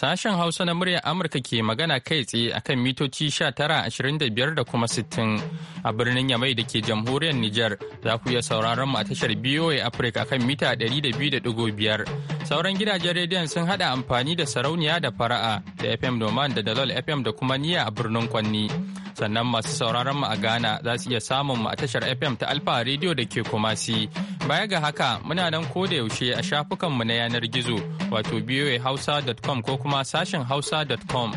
Sashen Hausa na muryar Amurka ke magana kai tsaye akan mitoci 1925 da kuma 60 a birnin Yamai da ke jamhuriyar Nijar za ku iya sauraron mu a tashar BOA Africa akan mita 200.5 Sauran gidajen rediyon sun hada amfani da sarauniya da fara'a da FM Noman da Dalol FM da kuma niyya a birnin Kwanni. Sannan masu sauraron mu a Ghana za su iya samun mu a tashar FM ta Alfa Radio da ke Kumasi. Baya ga haka muna nan ko da yaushe a shafukanmu na yanar gizo wato hausa.com ko kuma sashin hausa.com.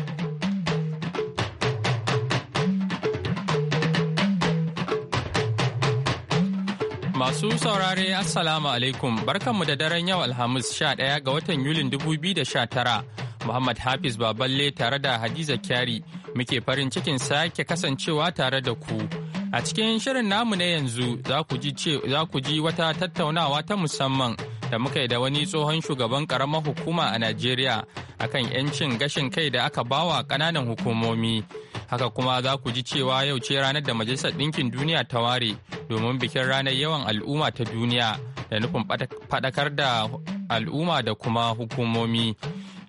Masu saurare Assalamu alaikum barkanmu da daren yau Alhamis 11 ga watan Yulin 2019 Muhammad Hafiz Baballe tare da Hadiza Kyari muke farin cikin sake kasancewa tare da ku. A cikin shirin namu na yanzu za ku ji wata tattaunawa ta musamman da muka yi da wani tsohon shugaban karamar hukuma a Najeriya akan 'yancin gashin kai da aka bawa ƙananan hukumomi. Haka kuma za ku ji cewa yau ce ranar da Majalisar Ɗinkin Duniya ta ware domin bikin ranar yawan al'umma ta duniya da nufin faɗakar da al'umma da kuma hukumomi.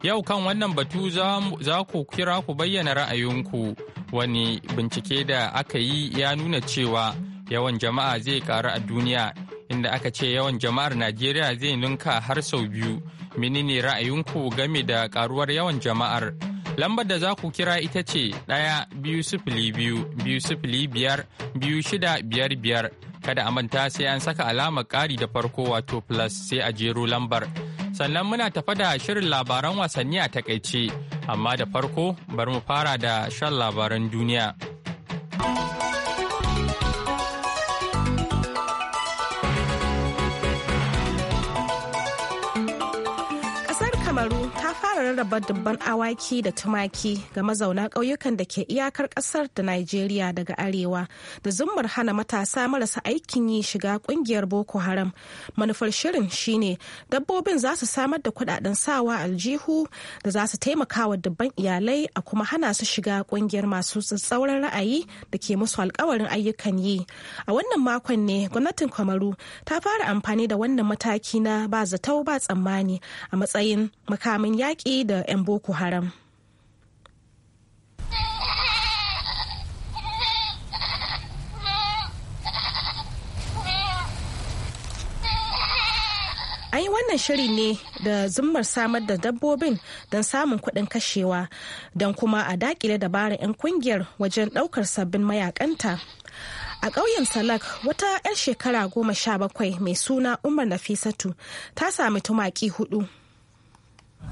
Yau kan wannan batu za ku kira ku bayyana ra'ayinku wani bincike da aka yi ya nuna cewa yawan jama'a zai karu a duniya inda aka ce yawan jama'ar Najeriya zai ninka har sau biyu. Menene ra'ayinku game da karuwar yawan jama'ar? Lambar da za ku kira ita ce ɗaya biyu sifili biyu biyu sifili biyar biyu shida biyar biyar. Kada a manta sai an saka alamar ƙari da farko wato plus sai a jero lambar. Sannan muna tafa da shirin labaran wasanni a takaice, amma da farko bari mu fara da shan labaran duniya. Ƙasar Kamaru ta fara rarraba dubban awaki da tumaki ga mazauna ƙauyukan da ke iyakar ƙasar da Najeriya daga arewa da zummar hana matasa marasa aikin yi shiga ƙungiyar Boko Haram. Manufar shirin shine dabbobin za su samar da kuɗaɗen sawa aljihu da za su taimaka wa dubban iyalai a kuma hana su shiga ƙungiyar masu tsatsauran ra'ayi da ke musu alkawarin ayyukan yi. A wannan makon ne gwamnatin Kwamaru ta fara amfani da wannan mataki na ba zato ba tsammani a matsayin makamin yaƙi yaƙi da 'yan boko haram an yi wannan shiri ne da zummar samar da dabbobin don samun kuɗin kashewa don kuma a dakile dabarar 'yan kungiyar wajen ɗaukar sabbin mayakanta a ƙauyen salak wata 'yar shekara goma sha bakwai mai suna umar nafisatu ta sami tumaki hudu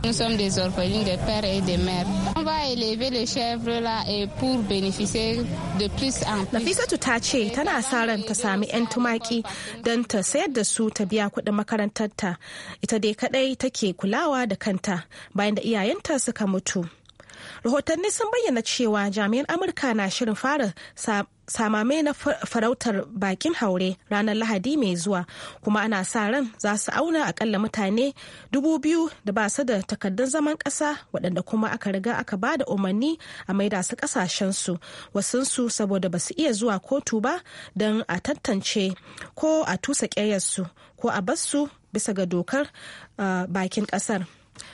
Nous sommes des orphelines des pères et des mères. On va élever les chèvres là et pour bénéficier de plus en plus. Nafisatu ta ce tana sa ran ta sami 'yan tumaki don ta sayar da su ta biya kuɗin makarantarta. Ita dai kaɗai take kulawa da kanta bayan da iyayenta suka mutu. rahotanni sun bayyana cewa jami'an amurka na shirin fara samame na farautar bakin haure ranar lahadi mai zuwa kuma ana sa ran za su auna akalla mutane dubu biyu da ba su da takardun zaman kasa waɗanda kuma aka riga aka ba da umarni a maida su ƙasashensu wasunsu saboda ba su iya zuwa kotu ba don a tantance ko a tusa ƙeyarsu ko a su bisa ga dokar ah, bakin ƙasar.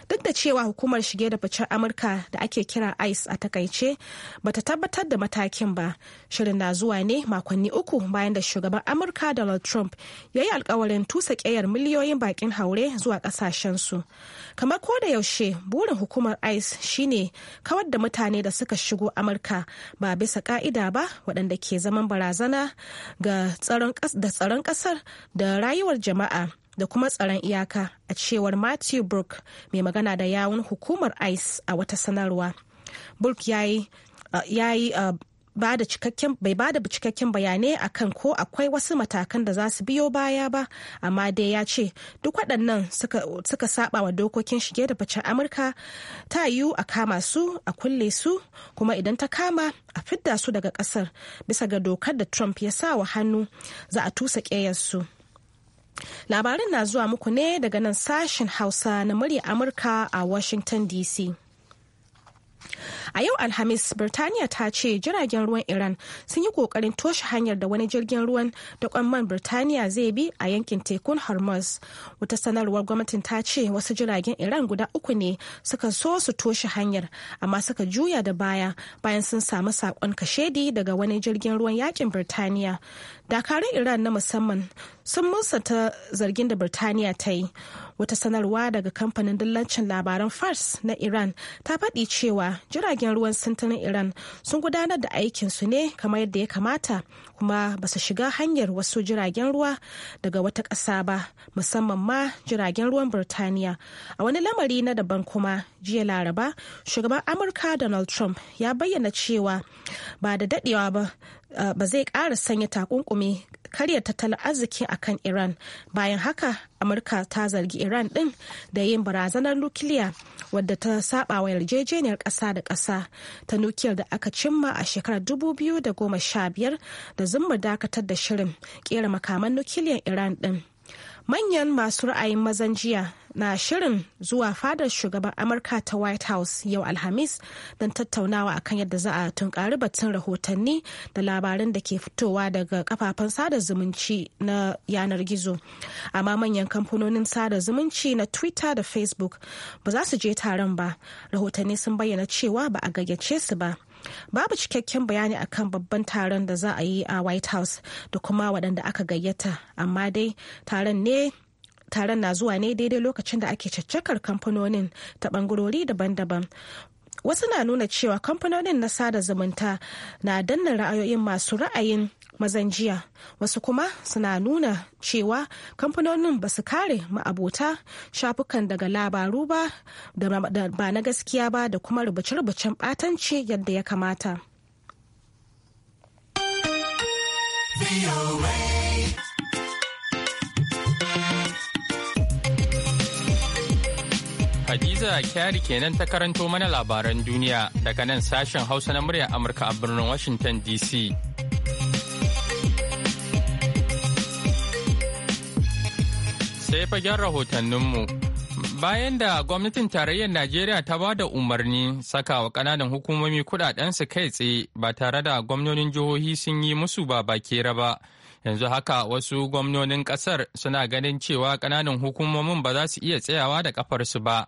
duk da cewa hukumar shige da ficen amurka da ake kira ice a takaice bata tabbatar da matakin ba shirin na zuwa ne makonni uku bayan da shugaban amurka donald trump ya yi alkawarin tusa keyar miliyoyin bakin haure zuwa kasashensu kamar ko da yaushe burin hukumar ice shine kawar da mutane da suka shigo amurka ba bisa ka'ida ba waɗanda ke zaman barazana ga tsaron ƙasar da rayuwar jama'a da kuma tsaron iyaka a cewar matthew brook mai magana da yawun hukumar ice a wata sanarwa brook ya yi uh, uh, cikakken bai bada cikakken bayanai akan ko akwai wasu matakan da za su biyo baya ba amma dai ya ce duk waɗannan suka, saɓawa saba wa dokokin shige da ficen amurka ta yiwu a kama su a kulle su kuma idan ta kama a fidda su daga ƙasar bisa ga dokar da trump ya sa wa hannu za a tusa ƙeyarsu Labarin na zuwa muku ne daga nan sashen Hausa na murya Amurka a Washington DC. A yau Alhamis, Birtaniya ta ce jiragen ruwan Iran sun yi kokarin toshe hanyar da wani jirgin ruwan da man Birtaniya zai bi a yankin tekun Hormuz. Wata sanarwar gwamnatin ta ce wasu jiragen Iran guda uku ne suka so su toshe hanyar, amma suka juya da baya bayan sun samu saƙon kashedi daga wani jirgin ruwan yakin Birtaniya. dakarun iran na musamman sun musanta zargin da birtaniya ta yi wata sanarwa daga kamfanin dillancin labaran fars na iran ta faɗi cewa jiragen ruwan sintirin iran sun gudanar da aikinsu ne kamar yadda ya kamata kuma ba su shiga hanyar wasu jiragen ruwa daga wata ƙasa ba musamman ma jiragen ruwan birtaniya a wani lamari na daban kuma jiya laraba shugaban amurka donald trump ya bayyana cewa ba da daɗewa ba ba zai ƙara sanya takunkumi karya tattalin arziki a kan iran bayan haka amurka ta zargi iran ɗin da yin barazanar nukiliya wadda ta saba wa yarjejeniyar ƙasa da ƙasa ta nukiliyar da aka cimma a shekarar 2015 da zumar dakatar da shirin ƙera makaman nukiliyar iran ɗin manyan masu ra'ayin mazan jiya na shirin zuwa fadar shugaban amurka ta white house yau alhamis don tattaunawa akan yadda za a tunkari batun rahotanni da labarin da ke fitowa daga kafafen sada zumunci na yanar gizo amma manyan kamfanonin sada zumunci na twitter da facebook ba za su je taron ba rahotanni sun bayyana cewa ba a gayyace su ba babu cikakken bayani akan babban taron da za a yi a white house da kuma waɗanda aka gayyata amma dai taron ne taron na zuwa ne daidai lokacin da ake caccakar kamfanonin ta ɓangarori daban-daban wasu na nuna cewa kamfanonin na sada zumunta na danna ra'ayoyin masu ra'ayin mazan jiya wasu kuma suna nuna cewa kamfanonin ba su kare ma'abota shafukan daga labaru ba da ba na gaskiya ba da kuma rubuce-rubucen batanci yadda ya kamata. Hadiza Kyari kenan ta karanto mana labaran duniya daga nan sashen Hausa na muryar Amurka a birnin Washington DC. sai fagen rahotanninmu. Bayan da gwamnatin tarayyar Najeriya ta ba da umarni saka wa ƙananan hukumomi su kai tsaye ba tare da gwamnonin jihohi sun yi musu ba bakera ba. Yanzu haka wasu gwamnonin ƙasar suna ganin cewa ƙananan hukumomin ba za su iya tsayawa da ƙafarsu ba.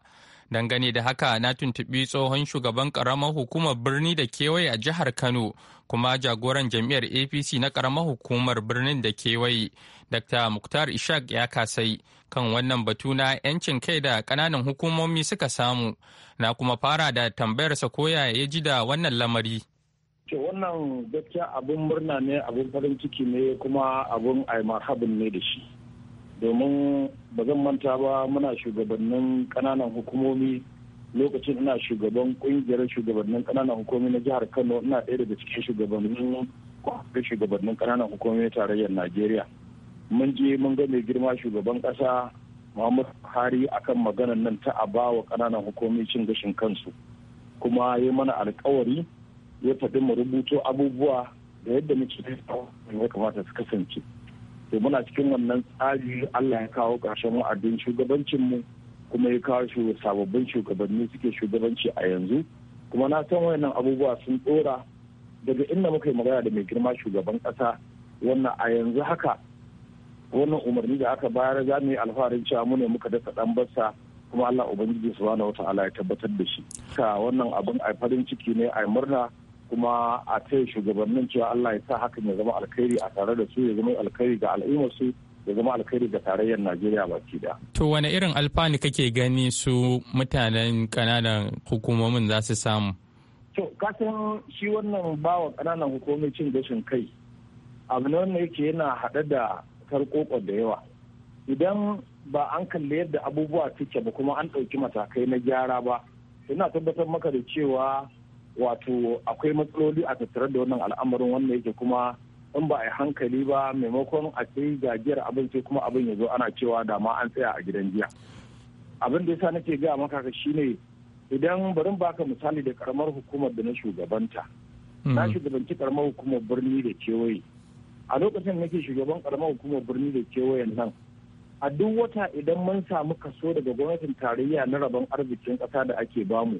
Dangane da haka na tuntuɓi tsohon shugaban karamar hukumar birni da kewaye a jihar Kano kuma jagoran jam'iyyar APC na karamar hukumar birnin da kewaye Dr. Muktar Ishaq ya kasai kan wannan batu na 'yancin kai da kananan hukumomi suka samu na kuma fara da tambayarsa koya ya ji da wannan lamari. wannan gaskiya abin murna ne abin farin ciki ne kuma abin ai marhabin ne da shi domin ba zan manta ba muna shugabannin kananan hukumomi lokacin ina shugaban kungiyar shugabannin kananan hukumomi na jihar kano ina ɗaya daga cikin shugabannin kwafin shugabannin kananan hukumomi tarayyar najeriya mun je mun ga mai girma shugaban ƙasa muhammad buhari akan maganar nan ta a ba wa kananan hukumomi cin gashin kansu kuma ya mana alkawari ya faɗi mu rubuto abubuwa da yadda muke ya kamata su kasance to muna cikin wannan tsari allah ya kawo ƙarshen wa'adin shugabancinmu kuma ya kawo sababbin shugabanni suke shugabanci a yanzu kuma na san wayannan abubuwa sun tsora daga inda muka yi magana da mai girma shugaban ƙasa wannan a yanzu haka wannan umarni da aka bayar za mu yi alfaharin cewa mu ne muka dasa ɗan bassa kuma Allah Ubangiji subhanahu wa ta'ala ya tabbatar da shi. Ka wannan abin a farin ciki ne a murna kuma a taya shugabannin cewa Allah ya sa hakan ya zama alkhairi a tare da su ya zama alkhairi ga al'ummarsu ya zama alkhairi ga tarayyar Najeriya baki da. To wane irin alfani kake gani su mutanen kananan hukumomin za su samu? To kasan shi wannan bawa kananan hukumomin cin gashin kai abu ne wanda yake yana haɗe da tarkoko da yawa. Idan ba an kalli yadda abubuwa suke ba kuma an ɗauki matakai na gyara ba, ina tabbatar maka da cewa wato akwai matsaloli a tattare da wannan al'amarin wannan yake kuma in ba a yi hankali ba maimakon a sai gajiyar abin sai kuma abin ya zo ana cewa dama an tsaya a gidan jiya abin da yasa nake gaya maka ka shine idan barin baka misali da karamar hukumar da na shugabanta hmm. na shugabanci karamar hukumar birni da kewaye a lokacin nake shugaban karamar hukumar birni da kewayen nan a duk wata idan mun samu kaso daga gwamnatin tarayya na rabon arzikin ƙasa da ake bamu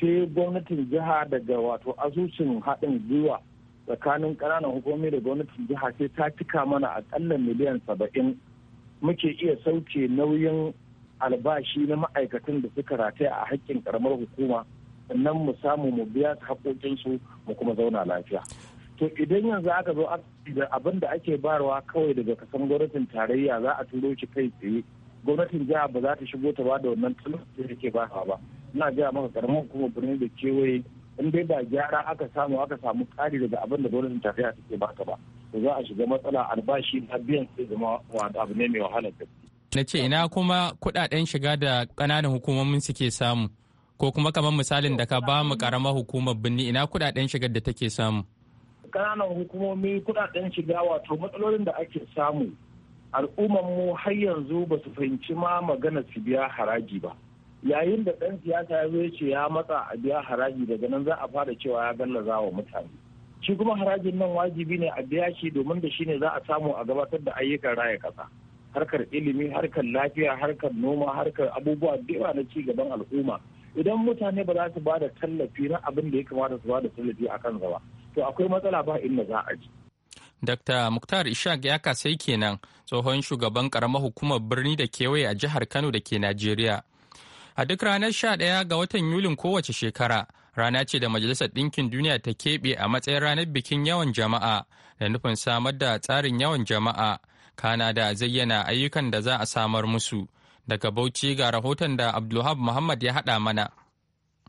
sai gwamnatin jiha daga wato asusun haɗin gwiwa tsakanin ƙananan hukumomi da gwamnatin jiha sai ta cika mana aƙalla miliyan saba'in muke iya sauke nauyin albashi na ma'aikatan da suka rataya a haƙƙin ƙaramar hukuma sannan mu samu mu biya haƙoƙinsu mu kuma zauna lafiya to idan yanzu aka zo da abin da ake barwa kawai daga kasan gwamnatin tarayya za a turo shi kai tsaye gwamnatin jiha ba za ta shigo ta ba da wannan talauci da ke bayarwa ba ina gaya maka karamin hukumar birni da kewaye in dai ba gyara aka samu aka samu kari daga abin da gwamnatin tafiya take baka ba to za a shiga matsala albashi na biyan sai zama abu ne mai wahala gaske. na ce ina kuma kudaden shiga da kananan hukumomin suke samu ko kuma kamar misalin da ka ba mu karamar hukumar birni ina kudaden shigar da take samu kananan hukumomi kudaden shiga wato matsalolin da ake samu al'ummar mu har yanzu ba su fahimci ma magana su biya haraji ba yayin da ɗan siyasa ya zo ya ce ya matsa a biya haraji daga nan za a fara cewa ya gallaza wa mutane shi kuma harajin nan wajibi ne a biya shi domin da shi ne za a samu a gabatar da ayyukan raya ƙasa harkar ilimi harkar lafiya harkar noma harkar abubuwa da yawa na ci gaban al'umma idan mutane ba za su ba da tallafi na abin da ya kamata su ba da tallafi a kan zama to akwai matsala ba inda za a ji Dr. Muktar Ishaq ya kasai kenan tsohon shugaban karamar hukumar birni da kewaye a jihar Kano da ke Najeriya. A duk ranar 11 ga watan Yulin kowace shekara, rana ce da Majalisar Ɗinkin Duniya ta keɓe a matsayin ranar bikin yawan jama'a da nufin samar da tsarin yawan jama'a. Kana da zayyana ayyukan da za a samar musu. Daga Bauchi ga rahoton da Abdulhab Muhammad ya haɗa mana.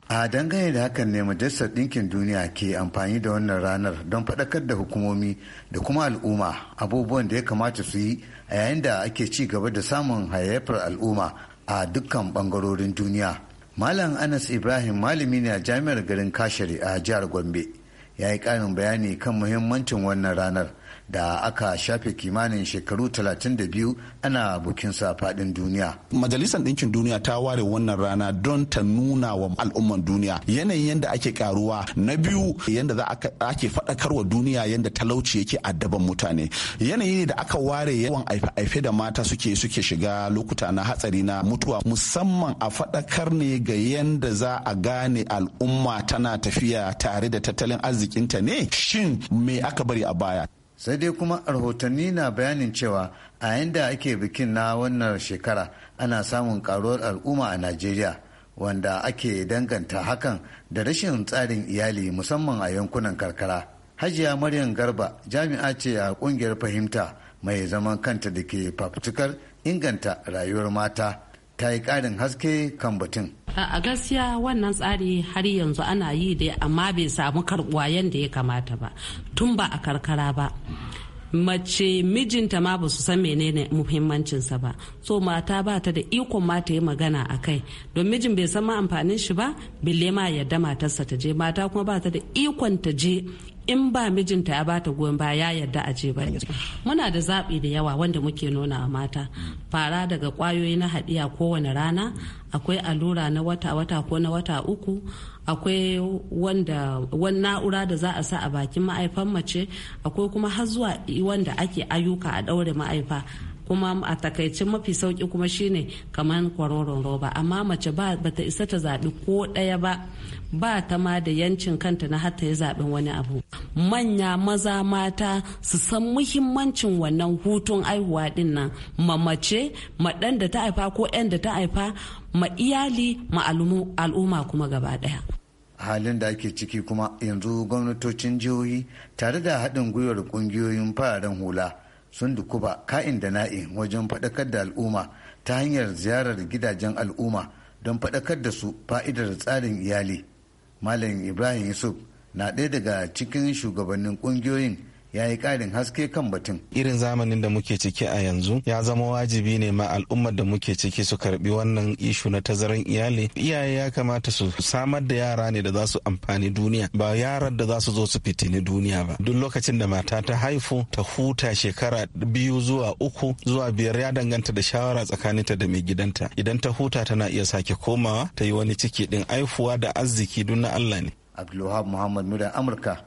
a dangane da hakan ne majalisar ɗinkin duniya ke amfani da wannan ranar don faɗakar da hukumomi da kuma al'umma abubuwan da ya kamata su yi a yayin da ake ci gaba da samun hayayyafar al'umma a dukkan bangarorin duniya malam anas ibrahim malami ne a jami'ar garin kashiri a jihar gombe ya yi ƙarin bayani kan muhimmancin wannan ranar da aka shafe kimanin shekaru 32 ana bukinsa faɗin duniya. Majalisar Ɗinkin Duniya ta ware wannan rana don ta nuna wa al'umman duniya yanayin yadda ake karuwa na biyu yadda za ake wa duniya yadda talauci yake addaban mutane yanayi da aka ware yawan aife-aife da mata suke suke shiga lokuta na hatsari na mutuwa musamman a faɗakar ne ga yadda za a gane al'umma tana tafiya tare da tattalin arzikinta ne shin me aka bari a baya sai dai kuma rahotanni na bayanin cewa a yanda ake bikin na wannan shekara ana samun karuwar al'umma a najeriya wanda ake danganta hakan da rashin tsarin iyali musamman a yankunan karkara hajiya maryam garba jami'a ce a kungiyar fahimta mai zaman kanta da ke fafutukar inganta rayuwar mata ta yi ƙarin haske kan batun a gaskiya wannan tsari har yanzu ana yi dai amma bai samu karbuwa yadda ya kamata ba tun ba a karkara ba mace mijinta ma ba su san menene muhimmancinsa ba so mata ba ta da ikon ma ta yi magana a kai don mijin bai san ma amfanin shi ba bille ma yadda matarsa ta je mata kuma ba ta da ikon ta je in ba mijinta ya bata goyon ba ya yarda a je bane muna da zaɓi da yawa wanda muke nuna a mata fara daga kwayoyi na haɗiya kowane rana akwai allura na wata-wata ko na wata uku akwai wanda wani na'ura da za a sa a bakin ma'aifan mace akwai kuma har zuwa wanda ake ayyuka a ɗaure ma'aifa kuma a takaice mafi sauki kuma shine kamar kwaroron roba amma mace ba bata isa ta zaɓi ko ɗaya ba ba ta ma da yancin kanta na hatta ya zaɓi wani abu manya maza mata su san muhimmancin wannan hutun aihuwa din nan ma mace ma ɗan da ta haifa ko ɗan da ta haifa ma iyali ma al'umma kuma gaba ɗaya halin da ake ciki kuma yanzu gwamnatocin jihohi tare da haɗin gwiwar ƙungiyoyin fararen hula sun dukuba ka'in da na'in wajen faɗakar da al'umma ta hanyar ziyarar gidajen al'umma don faɗakar da su fa'idar tsarin iyali malam ibrahim yusuf na ɗaya daga cikin shugabannin ƙungiyoyin ya yi ƙarin haske kan batun. Irin zamanin da muke ciki a yanzu ya zama wajibi ne ma al'ummar da muke ciki su karbi wannan ishu na tazaran iyali. Iyaye ya kamata su samar da yara ne da za su amfani duniya ba yaran da za su zo su fitini duniya ba. Duk lokacin da mata ta haifu ta huta shekara biyu zuwa uku zuwa biyar ya danganta da shawara tsakaninta da mai gidanta. Idan ta huta tana iya sake komawa ta yi wani ciki din aifuwa da arziki duk na Allah ne. Abdulwahab Muhammad muda Amurka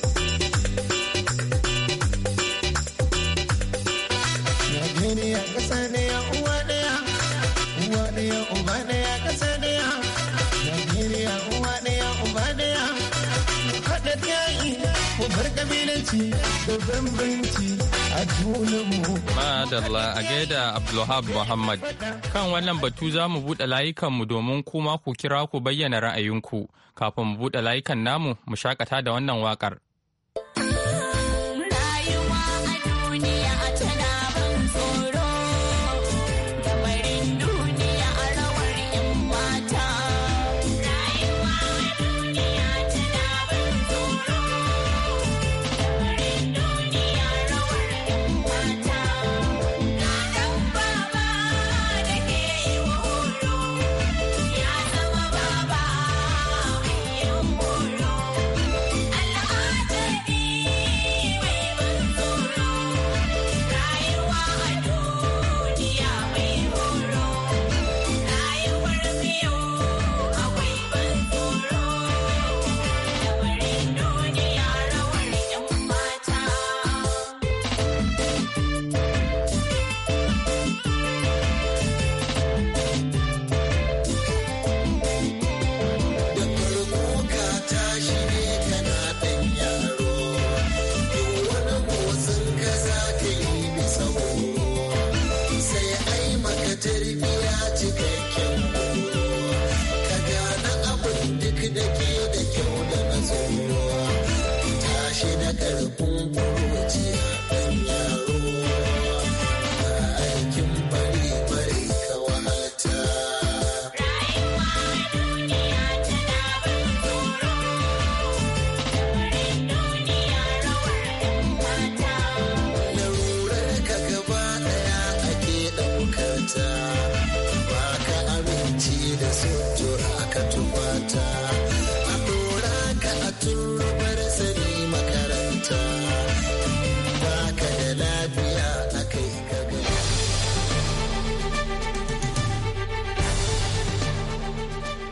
bambanci da Madalla a gaida Abdulhab Muhammad. Kan wannan batu za mu buɗe layukanmu domin kuma ku kira ku bayyana ra'ayinku. Kafin mu buɗe layukan namu mu shakata da wannan waƙar.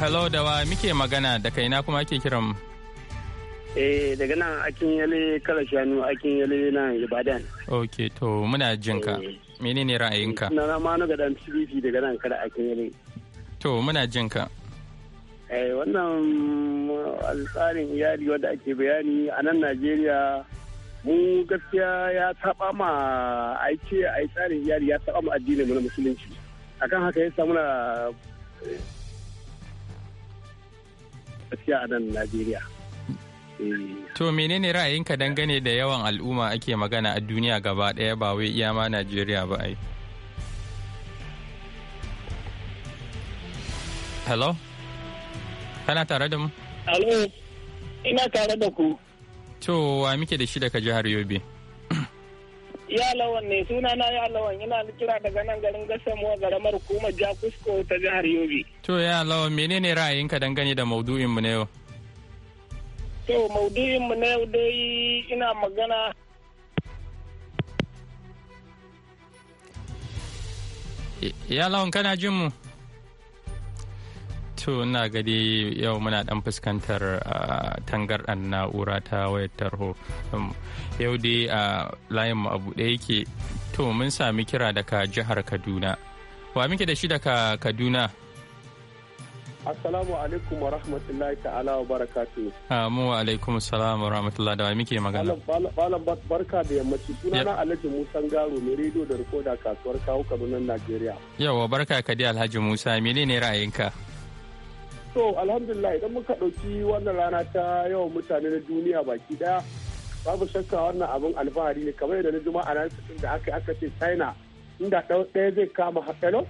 Hello da wa muke magana da kaina kuma ake kiran Eh daga nan akin yale kala shanu akin yale nan Ibadan. Ok to muna jin ka. Eh. Menene ra'ayinka? Na na manu ga dan PDP daga nan kada akin yale. To muna jin ka. Eh wannan tsarin iyali wanda ake bayani a nan Najeriya mu gaskiya ya taba ma aiki a tsarin iyali ya taba ma addinin mu na musulunci. Akan haka yasa muna gaskiya a nan Najeriya. Eh. To menene ra'ayinka dangane da yawan al'umma ake magana a duniya gaba ɗaya ba wai iya ma Najeriya ba ai. Hello? Kana tare da mu? Hello, ina tare da ku. To wa muke da shi daga jihar Yobe? Yalawan ne suna na yalawan yana kira daga nan garin gasamuwa garamar hukumar jakusko ta jihar yobe to yalawan menene ra'ayinka dangane da maudu'in mu na yau to maudu'in mu na yau dai ina magana yalawan kana jin mu to ina gadi yau muna dan fuskantar tangardan na'ura ta wayar tarho um, yau dai a layin mu abu ɗaya yake to mun sami kira daga jihar kaduna wa muke da shi daga kaduna assalamu alaikum wa rahmatullahi ta'ala wa barakatu Mu wa alaikum salam wa rahmatullahi da wa muke magana malam barka da yammaci sunana alhaji musa garo mai rediyo da rikoda kasuwar kawo kaduna najeriya yawa barka ka dai alhaji musa menene ra'ayinka so alhamdulillah idan muka ɗauki wannan rana ta yawan mutane na duniya baki daya babu shakka wannan abin alfahari ne kamar yadda na juma a ranar da aka aka ce china inda ɗaya zai kama hello?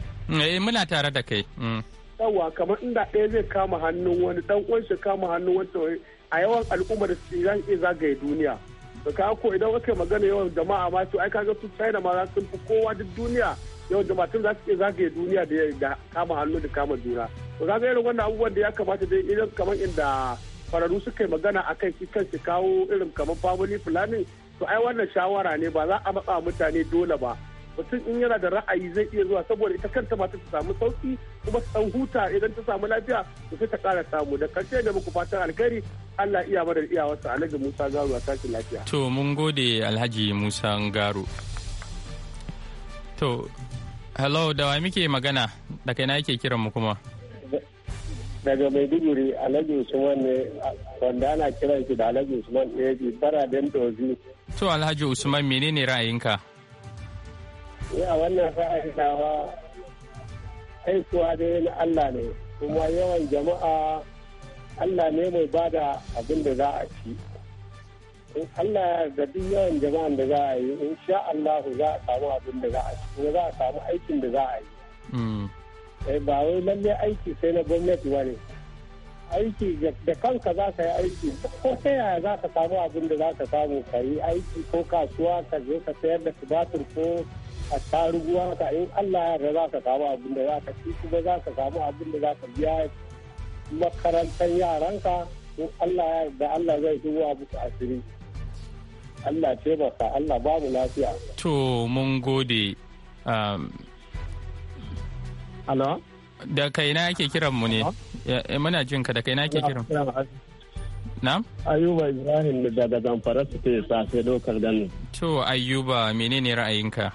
eh muna tare da kai mm. yawa kamar inda ɗaya zai kama hannun wani dan uwan shi kama hannun wani a yawan al'ummar su zan iya zagaye duniya da ka ko idan aka magana yawan jama'a ma su ai kaga su china ma za su fi kowa duk duniya yawan jama'a tun za su iya zagaye duniya da kama hannu da kama juna ga ga irin wannan abubuwan da ya kamata dai irin kamar inda fararu suka yi magana a kan shi kawo irin kamar family planning to ai wannan shawara ne ba za a matsa mutane dole ba mutum in yana da ra'ayi zai iya zuwa saboda ita kanta mata ta samu sauki kuma ta san huta idan ta samu lafiya to sai ta kara samu da karshe da muku fatan alkhairi Allah iya mana iyawarsa Alhaji Musa Garu a tashi lafiya to mun gode Alhaji Musa Garu to hello da wa muke magana da kai na yake kiran mu kuma daga maiduguri alhaji usman ne wanda ana kiran shi da alhaji usman ɗaya don dozi to alhaji usman menene ra'ayinka ya wannan dawa kai aikuwa dai na allah ne kuma yawan jama'a allah ne mai bada abin da za a ci in allah da duk yawan jama'an da za a yi in sha allahu za a samu abin da za a ci kuma za a samu aikin da za a yi mm. Eh, ba wai lalle aiki sai na gwamnati wani aiki da kanka za ka yi aiki ko ta yaya za ka samu abin da za ka samu ka yi aiki ko kasuwa ka je ka sayar da tubatur ko a taruguwa ka in Allah ya yarda za ka samu abin da za ka ci kuma za ka samu abin da za ka biya makarantar yaranka ko Allah ya yarda Allah zai shigo abu ka asiri Allah ce baka Allah babu lafiya to mun gode um, Hello? Da kaina ake kiran mu ne. Eh, muna jin ka da kaina ake kiran. Na? Ayuba Ibrahim daga Zamfara su ke safe lokar gani. To Ayuba menene ra'ayinka?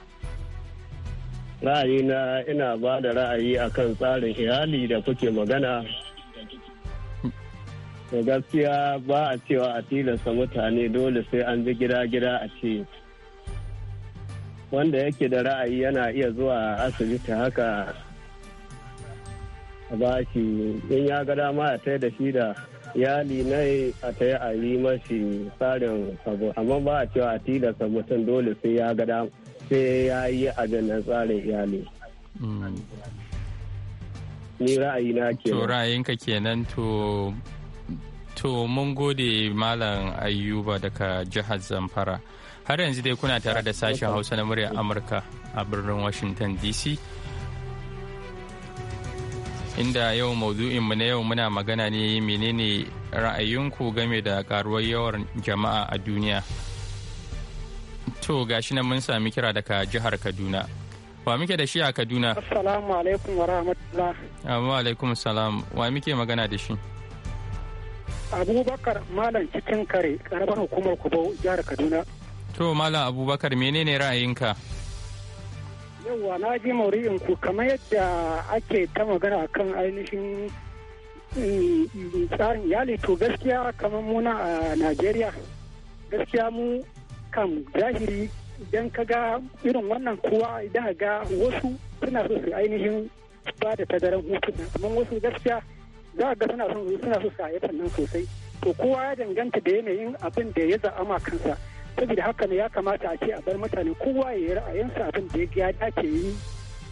Ra'ayina ina ba da ra'ayi akan tsarin iyali da kuke magana. Da gaskiya ba a cewa a tilasta mutane dole sai an ji gida-gida a ce. Wanda yake da ra'ayi yana iya zuwa asibiti haka a bashi in ya ga dama ta da shi da iyali na a ta yi a yi mashi tsarin abu amma ba a cewa a tilasta mutum dole sai ya gada sai ya yi a na tsarin iyali. Hmm. Ni ra'ayi na ke. To ra'ayinka kenan to to mun gode malam ayuba daga jihar zamfara har yanzu dai kuna tare da sashen hausa na murya amurka a birnin washington dc inda yau maudu'in mu na yau muna magana ne menene ra'ayinku game da karuwar yawan jama'a a duniya to gashi nan mun sami kira daga jihar kaduna wa muke da shi a kaduna assalamu alaikum wa rahmatullah ah, wa alaikum salam wa muke magana da shi abubakar malam cikin kare karamar hukumar kubo jihar kaduna to malam abubakar menene ra'ayinka yauwa na ji mauri'in ku kamar yadda ake ta magana kan ainihin eh, tsarin iyali to gaskiya kamar muna a najeriya gaskiya mu kan zahiri idan ka ga irin wannan kowa idan ga wasu suna su ainihin ba da tazaran hutu amma wasu gaskiya za ga suna so suna so su nan sosai to kowa ya danganta da yanayin abin da ya za'ama kansa saboda haka ne ya kamata a ce a bar mutane kowa ya yi ra'ayinsa abin da ya dace yi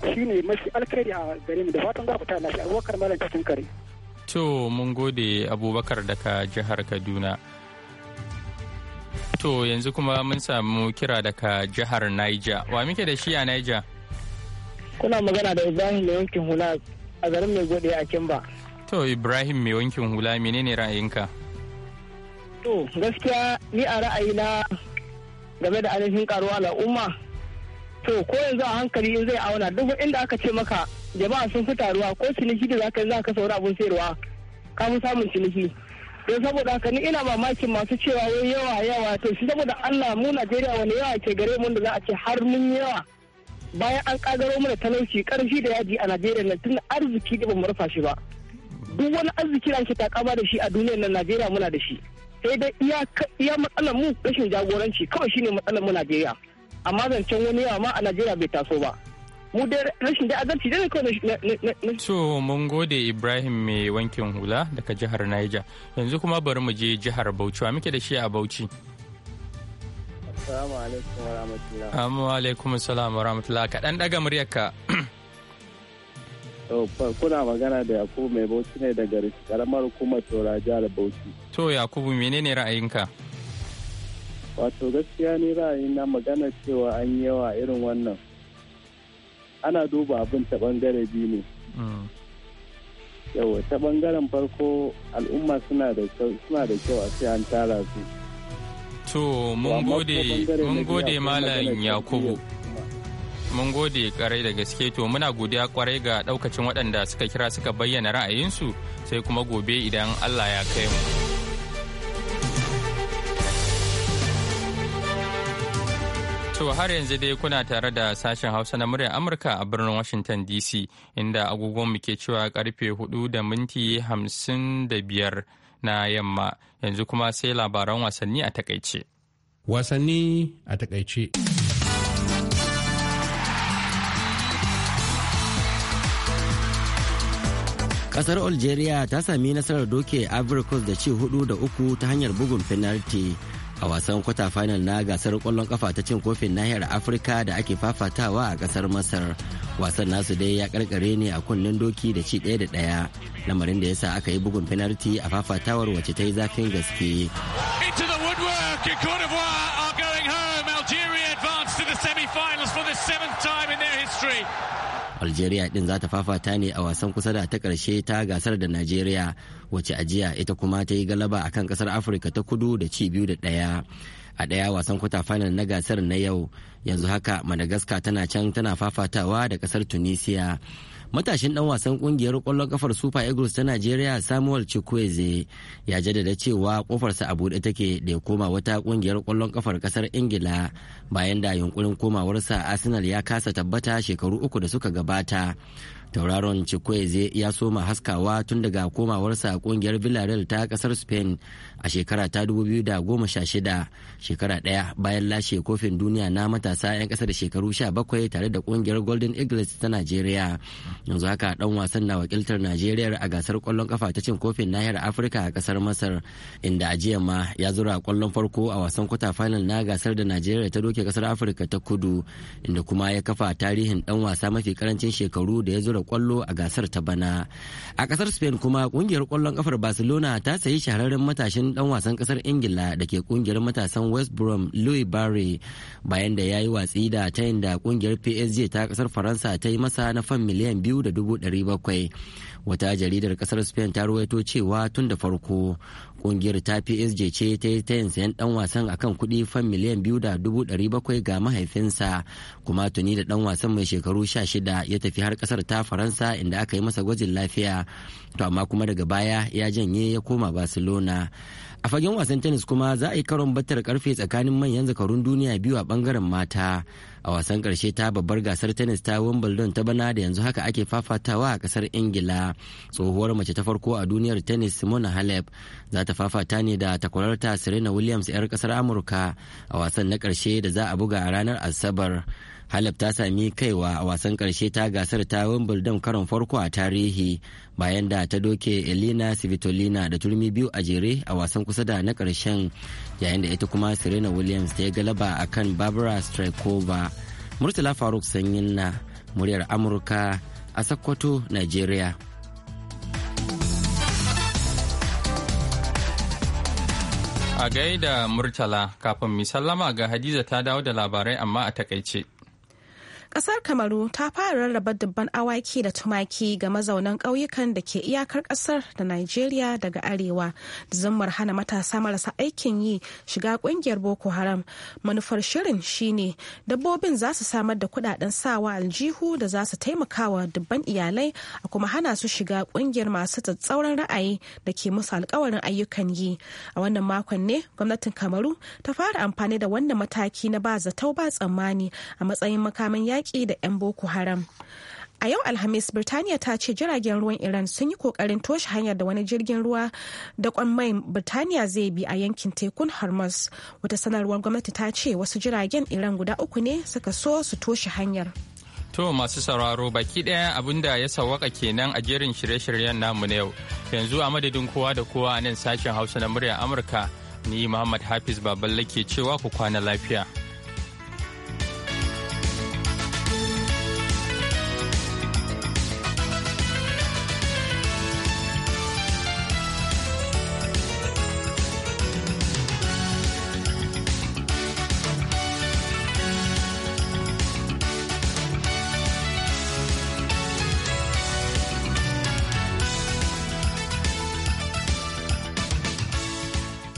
shine mafi alkhairi a gare da fatan za ku ta lafiya abubakar malam cikin kare to mun gode abubakar daga jihar kaduna to yanzu kuma mun samu kira daga jihar niger wa muke da shi a niger kuna magana da ibrahim mai wankin hula a garin mai gode a kimba to ibrahim mai wankin hula menene ra'ayinka to gaskiya ni a ra'ayina game da ainihin karuwa al'umma to ko yanzu a hankali in zai auna duk inda aka ce maka jama'a sun fi taruwa ko ciniki da zaka za ka saura abun sayarwa ka mu samun ciniki don saboda haka ni ina mamakin masu cewa wai yawa yawa to shi saboda Allah mu Najeriya wani yawa ke gare mu da za a ce har mun yawa bayan an kagaro da talauci karfi da yaji a Najeriya nan tun arziki da bamu rufa shi ba duk wani arziki da ake takama da shi a duniyar nan Najeriya muna da shi sai dai iya matsalar mu rashin jagoranci kawai shine matsalar mu Najeriya amma zancen wani yawa ma a Najeriya bai taso ba mu da rashin da adalci dai kawai na to mun gode Ibrahim mai wankin hula daga jihar Niger yanzu kuma bari mu je jihar Bauchi wa muke da shi a Bauchi Assalamu alaikum wa barakatuh. Assalamu alaikum wa barakatuh. Kaɗan ɗaga muryarka. kuna magana da yakubu mai bauchi ne daga karamar hukumar tora jihar bauchi to yakubu menene ra'ayinka wato gaskiya ne ra'ayin na magana cewa an yawa irin wannan ana duba abin ta bangare biyu ne mm. yau ta bangaren farko al'umma suna da kyau a sai an tara su to mun gode malam yakubu Mun gode karai da gaske to muna godiya kwarai ga daukacin waɗanda suka kira suka bayyana ra'ayinsu sai kuma gobe idan Allah ya kai mu. To har yanzu dai kuna tare da sashen Hausa na muryar Amurka a birnin Washington DC inda mu ke cewa karfe 4 da minti 55 na yamma yanzu kuma sai labaran wasanni a takaice. Wasanni a takaice. kasar algeria ta sami nasarar doke ivory coast da ci hudu da uku ta hanyar bugun penalty a wasan kwata final na gasar kwallon kafa ta cin kofin nahiyar afirka da ake fafatawa a kasar masar wasan nasu dai ya karkare ne a kunnen doki da ci ɗaya da ɗaya lamarin da yasa aka yi bugun penalty a fafatawar wace ta yi zafin gaske Algeria advance to the semi-finals for the seventh time in their history. algeria din za ta fafata ne a wasan kusa da ta karshe ta gasar da najeriya wacce ajiya ita kuma ta yi galaba a kan kasar afirka ta kudu da ci biyu da ɗaya a ɗaya wasan kwata final na gasar na yau yanzu haka madagascar tana can tana fafatawa da kasar tunisia matashin dan wasan kungiyar kwallon kafar super eagles ta nigeria samuel chikwueze ya jaddada cewa kofarsa a buɗe take da ya koma wata kungiyar kwallon kafar kasar ingila bayan da yunkurin komawarsa arsenal ya kasa tabbata shekaru uku da suka gabata tauraron chikweze ya soma haskawa tun daga komawarsa kungiyar villarreal ta kasar spain a shekara ta 2016 shekara daya bayan lashe kofin duniya na matasa 'yan kasa da shekaru 17 tare da kungiyar golden eagles ta nigeria yanzu haka dan wasan na wakiltar nigeria a gasar kwallon kafa ta cin kofin nahiyar afirka a kasar masar inda a ma ya zura kwallon farko a wasan kwata final na gasar da nigeria ta doke kasar afirka ta kudu inda kuma ya kafa tarihin dan wasa mafi karancin shekaru da ya zura tauraron kwallo a gasar ta bana a kasar spain kuma kungiyar kwallon kafar barcelona ta sayi shahararren matashin dan wasan kasar ingila da ke kungiyar matasan west brom louis barry bayan da ya yi watsi da ta yin da kungiyar psg ta kasar faransa ta yi masa na fan miliyan biyu da dubu ɗari bakwai wata jaridar kasar spain ta ruwaito cewa tun da farko kungiyar ta psg ce ta yi tayin sayan dan wasan akan kuɗi fan miliyan biyu da dubu ɗari bakwai ga mahaifinsa kuma tuni da dan wasan mai shekaru sha shida ya tafi har kasar ta faransa inda aka yi masa gwajin lafiya to amma kuma daga baya ya janye ya koma barcelona a fagen wasan tennis kuma za a yi karon battar karfe tsakanin manyan zakarun duniya biyu a bangaren mata a wasan karshe ta babbar gasar tennis ta wimbledon ta bana da yanzu haka ake fafatawa a kasar ingila tsohuwar mace ta farko a duniyar tennis simona halep za ta fafata ne da takwararta serena williams 'yar kasar amurka a wasan na karshe da za a buga a ranar asabar Halab ta sami kaiwa a wasan karshe ta gasar ta Wimbledon karon farko a tarihi bayan da ta doke Elena Svitolina da turmi biyu a jere a wasan kusa da na ƙarshen yayin da ita kuma Serena Williams ta yi galaba a kan Barbara Strikova. Murtala Faruk Sanyin na muryar Amurka a Sokoto, Nigeria. A gaida Murtala kafin mi ga Hadiza ta dawo da labarai amma a takaice. Kasar Kamaru ta fara rarraba dubban awaki da tumaki ga mazaunan ƙauyukan da ke iyakar kasar da nigeria daga arewa, zummar hana matasa marasa aikin yi shiga kungiyar Boko Haram. Manufar shirin shine dabbobin za su samar da kudaden sawa aljihu da za su taimakawa dubban iyalai a kuma hana su shiga kungiyar masu tsatsauran ra'ayi da ke musu alkawarin ayyukan yi. A wannan makon ne gwamnatin Kamaru ta fara amfani da wannan mataki na ba zato ba tsammani a matsayin makamin yaƙi yaƙi da 'yan Boko Haram. A yau Alhamis, Birtaniya ta ce jiragen ruwan Iran sun yi kokarin toshe hanyar da wani jirgin ruwa da kwan mai Birtaniya zai bi a yankin tekun Hormuz. Wata sanarwar gwamnati ta ce wasu jiragen Iran guda uku ne suka so su toshe hanyar. To masu sauraro baki ɗaya abinda ya sawaka kenan a jerin shirye-shiryen namu na yau. Yanzu a madadin kowa da kowa a nan sashen Hausa na muryar Amurka, ni Muhammad Hafiz Baballe ke cewa ku kwana lafiya.